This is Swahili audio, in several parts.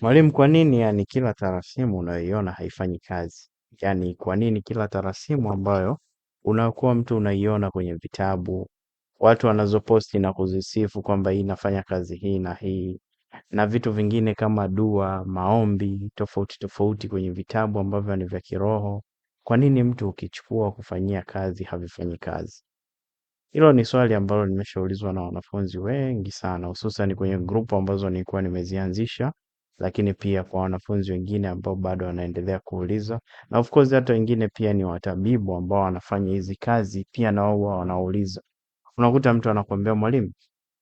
Mwalimu, kwa nini yani kila tarasimu unayoiona haifanyi kazi? Yani kwa nini kila tarasimu ambayo unakuwa mtu unaiona kwenye vitabu, watu wanazoposti na kuzisifu kwamba hii inafanya kazi hii na hii, na vitu vingine kama dua, maombi tofauti tofauti kwenye vitabu ambavyo ni vya kiroho, kwa nini mtu ukichukua kufanyia kazi havifanyi kazi? Hilo ni swali ambalo nimeshaulizwa na wanafunzi wengi sana, hususan kwenye grupu ambazo nilikuwa nimezianzisha lakini pia kwa wanafunzi wengine ambao bado wanaendelea kuulizwa, na of course hata wengine pia ni watabibu ambao wanafanya hizi kazi pia na wao huwa wanaulizwa. Unakuta mtu anakuambia mwalimu,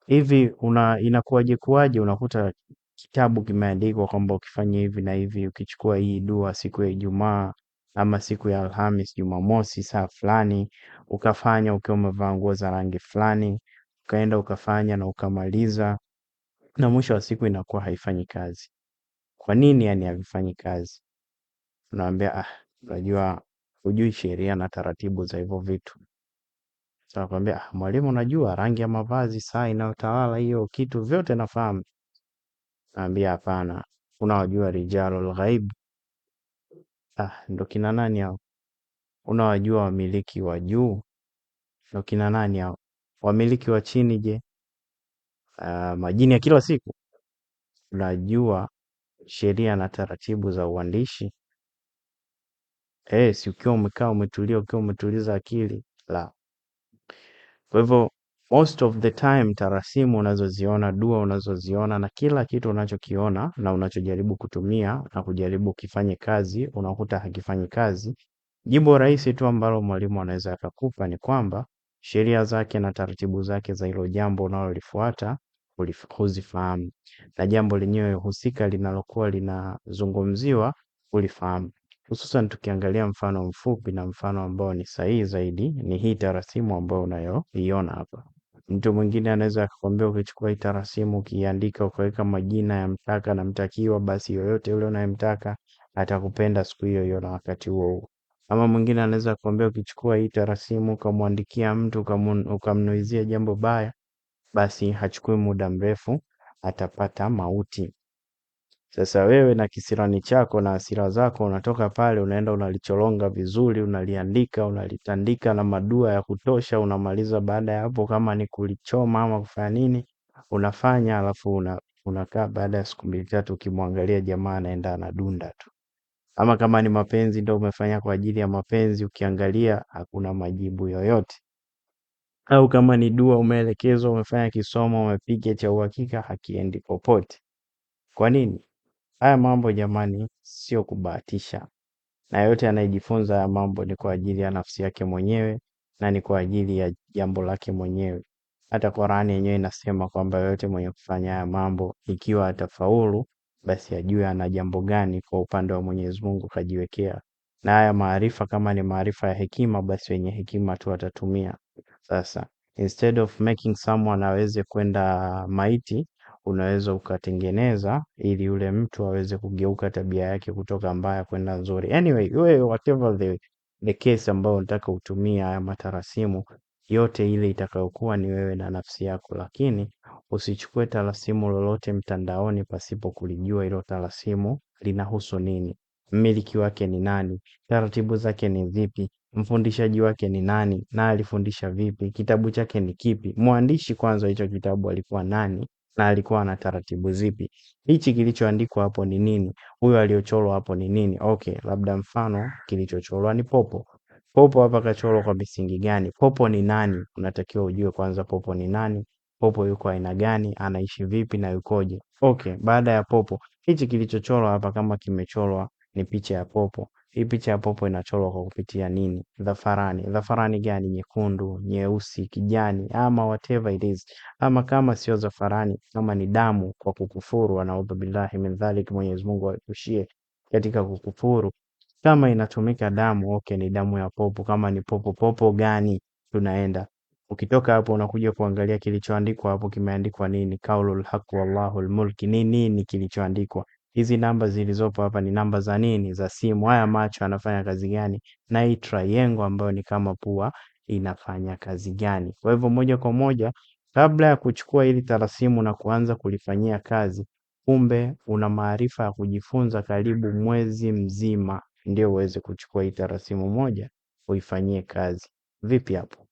hivi una inakuwaje kuwaje? Unakuta kitabu kimeandikwa kwamba ukifanya hivi na hivi, ukichukua hii dua siku ya Ijumaa ama siku ya Alhamis, Jumamosi saa fulani, ukafanya ukiwa umevaa nguo za rangi fulani, ukaenda ukafanya na ukamaliza, na mwisho wa siku inakuwa haifanyi kazi kwa nini yani havifanyi kazi? Tunawaambia ah, unajua hujui sheria na taratibu za hivyo vitu. Sasa nakwambia ah, mwalimu, unajua rangi ya mavazi, saa inayotawala hiyo kitu, vyote nafahamu. Naambia hapana, unawajua rijalul ghaib? Ah, ndo kina nani hao? Unawajua wamiliki wa juu? Ndo kina nani hao? Wamiliki wa chini je? Ah, majini ya kila siku? Unajua sheria na taratibu za uandishi? e, si ukiwa umekaa umetulia, ukiwa umetuliza akili la. Kwa hivyo most of the time tarasimu unazoziona, dua unazoziona na kila kitu unachokiona na unachojaribu kutumia na kujaribu kifanye kazi, unakuta hakifanyi kazi. Jibu rahisi tu ambalo mwalimu anaweza akakupa ni kwamba sheria zake na taratibu zake za hilo jambo unalolifuata kuzifahamu na jambo lenyewe husika linalokuwa linazungumziwa kulifahamu. Hususan tukiangalia mfano mfupi na mfano ambao ni sahihi zaidi ni hii tarasimu ambayo unayoiona hapa. Mtu mwingine anaweza akakwambia ukichukua hii tarasimu ukiandika ukaweka majina ya mtaka na mtakiwa, basi yoyote yule unayemtaka atakupenda siku hiyo hiyo na wakati huo huo. Ama mwingine anaweza akakwambia ukichukua hii tarasimu ukamwandikia mtu ukamnuizia jambo baya, basi hachukui muda mrefu atapata mauti. Sasa wewe na kisirani chako na hasira zako, unatoka pale unaenda unalicholonga vizuri, unaliandika, unalitandika na madua ya kutosha, unamaliza. Baada ya hapo, kama ni kulichoma ama kufanya nini, unafanya alafu una, unakaa baada ya siku mbili tatu, ukimwangalia jamaa anaenda anadunda tu. Ama kama ni mapenzi, ndio umefanya kwa ajili ya mapenzi, ukiangalia hakuna majibu yoyote au kama ni dua umeelekezwa, umefanya kisomo, umepiga cha uhakika, hakiendi popote. Kwa nini? Haya mambo jamani, sio kubahatisha, na yote anayejifunza haya mambo ni kwa ajili ya nafsi yake mwenyewe na ni kwa ajili ya jambo lake mwenyewe. Hata Qur'ani yenyewe inasema kwamba yote mwenye kufanya haya mambo, ikiwa atafaulu, basi ajue ana jambo gani kwa upande wa Mwenyezi Mungu kajiwekea, na haya maarifa kama ni maarifa ya hekima, basi wenye hekima tu watatumia. Sasa instead of making someone aweze kwenda maiti, unaweza ukatengeneza ili yule mtu aweze kugeuka tabia yake kutoka mbaya kwenda nzuri. Anyway, we, whatever the, the case ambayo unataka utumia haya matarasimu, yote ile itakayokuwa ni wewe na nafsi yako, lakini usichukue tarasimu lolote mtandaoni pasipo kulijua hilo tarasimu linahusu nini, mmiliki wake ni nani, taratibu zake ni zipi, mfundishaji wake ni nani na alifundisha vipi, kitabu chake ni kipi, mwandishi kwanza hicho kitabu alikuwa nani na alikuwa na taratibu zipi, hichi kilichoandikwa hapo ni nini, huyo aliochorwa hapo ni nini. Okay, labda mfano kilichochorwa ni popo. Popo hapa kachorwa kwa misingi gani? Popo ni nani? Unatakiwa ujue kwanza popo ni nani, popo yuko aina gani, anaishi vipi na yukoje. Okay, baada ya popo, hichi kilichochorwa hapa kama kimechorwa ni picha ya popo. Hii picha ya popo inacholwa kwa kupitia nini? Dhafarani. Dhafarani gani? Nyekundu, nyeusi, kijani ama whatever it is. Ama kama sio dhafarani, kama ni damu kwa kukufuru, anaudhu billahi min dhalik, Mwenyezi Mungu aepushie katika kukufuru. Kama inatumika damu, okay, ni damu ya popo. Kama ni popo, popo gani? Tunaenda ukitoka hapo unakuja kuangalia kilichoandikwa hapo, kimeandikwa nini? Kaulul haq wallahu lmulki ni nini kilichoandikwa? hizi namba zilizopo hapa ni namba za nini? Za simu. Haya macho yanafanya kazi gani? Na hii triangle ambayo ni kama pua inafanya kazi gani? Kwa hivyo moja kwa moja, kabla ya kuchukua hili tarasimu na kuanza kulifanyia kazi, kumbe una maarifa ya kujifunza karibu mwezi mzima, ndio uweze kuchukua hii tarasimu moja uifanyie kazi. Vipi hapo?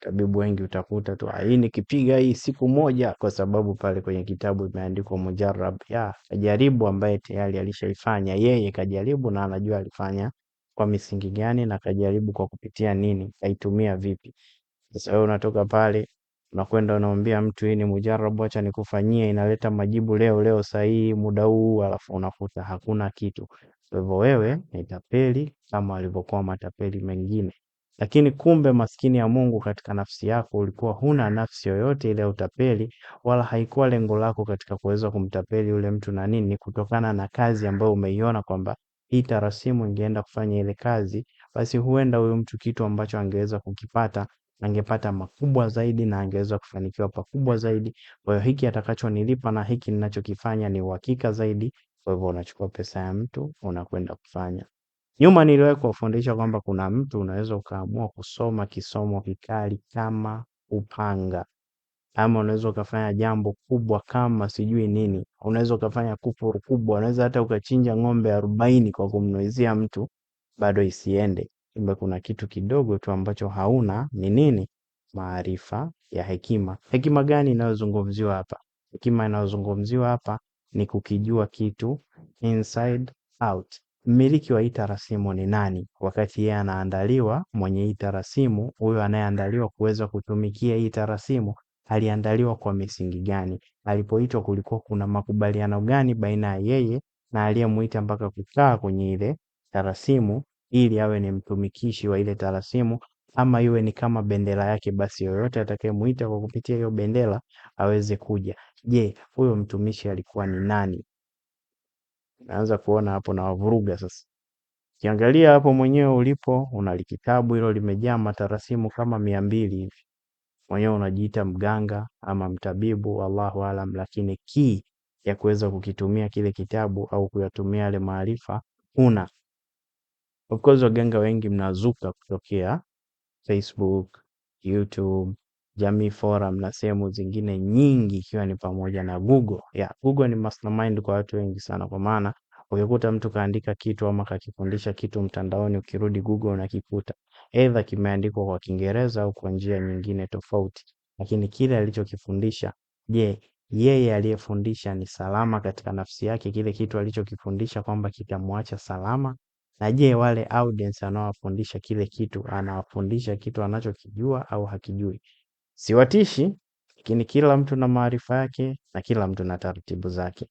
Tabibu wengi utakuta tu hii nikipiga hii siku moja, kwa sababu pale kwenye kitabu imeandikwa mujarab, ya kajaribu ambaye tayari alishaifanya yeye, kajaribu na anajua alifanya kwa misingi gani na kajaribu kwa kupitia nini, kaitumia vipi. Sasa wewe unatoka pale unakwenda unaambia mtu hii ni mujarabu, acha nikufanyie, inaleta majibu leo leo sahihi muda huu, alafu unakuta hakuna kitu. Kwa hivyo wewe ni tapeli kama walivyokuwa matapeli mengine. Lakini kumbe maskini ya Mungu katika nafsi yako ulikuwa huna nafsi yoyote ile ya utapeli, wala haikuwa lengo lako katika kuweza kumtapeli yule mtu na nini, kutokana na kazi ambayo umeiona kwamba hii tarasimu ingeenda kufanya ile kazi, basi huenda huyu mtu kitu ambacho angeweza kukipata angepata makubwa zaidi na angeweza kufanikiwa pakubwa zaidi. Kwa hiyo hiki atakachonilipa na hiki ninachokifanya ni uhakika zaidi. Kwa hivyo unachukua pesa ya mtu unakwenda kufanya. Nyuma niliwahi kuwafundisha kwamba kuna mtu unaweza ukaamua kusoma kisomo kikali kama upanga. Ama unaweza ukafanya jambo kubwa kama sijui nini. Unaweza ukafanya kufuru kubwa. Unaweza hata ukachinja ng'ombe arobaini kwa kumnoizia mtu. Bado isiende. Kumbe kuna kitu kidogo tu ambacho hauna ni nini? Maarifa ya hekima. Hekima gani inayozungumziwa hapa? Hekima inayozungumziwa hapa ni kukijua kitu inside out. Mmiliki wa hii tarasimu ni nani? Wakati yeye anaandaliwa, mwenye hii tarasimu, huyo anayeandaliwa kuweza kutumikia hii tarasimu, aliandaliwa kwa misingi gani? Alipoitwa kulikuwa kuna makubaliano gani baina ya yeye na aliyemuita mpaka kukaa kwenye ile tarasimu ili awe ni mtumikishi wa ile tarasimu ama iwe ni kama bendera yake, basi yoyote atakayemuita kwa kupitia hiyo bendera aweze kuja. Je, huyo mtumishi alikuwa ni nani? naanza kuona hapo nawavuruga sasa. Ukiangalia hapo mwenyewe ulipo, una kitabu hilo limejaa matarasimu kama mia mbili hivi. Mwenyewe unajiita mganga ama mtabibu, wallahu alam, lakini kii ya kuweza kukitumia kile kitabu au kuyatumia yale maarifa huna. Of course waganga wengi mnazuka kutokea Facebook, YouTube Jamii Forum na sehemu zingine nyingi ikiwa ni pamoja na Google. Yeah, Google ni mastermind kwa watu wengi sana kwa maana ukikuta mtu kaandika kitu ama kakifundisha kitu mtandaoni ukirudi Google unakikuta. Either kimeandikwa kwa Kiingereza au kwa njia nyingine tofauti. Lakini kile alichokifundisha, je, yeye aliyefundisha ni salama katika nafsi yake kile kitu alichokifundisha kwamba kitamwacha salama? Na je, wale audience anaowafundisha kile kitu, anawafundisha kitu anachokijua au hakijui? Siwatishi, lakini kila mtu na maarifa yake na kila mtu na taratibu zake.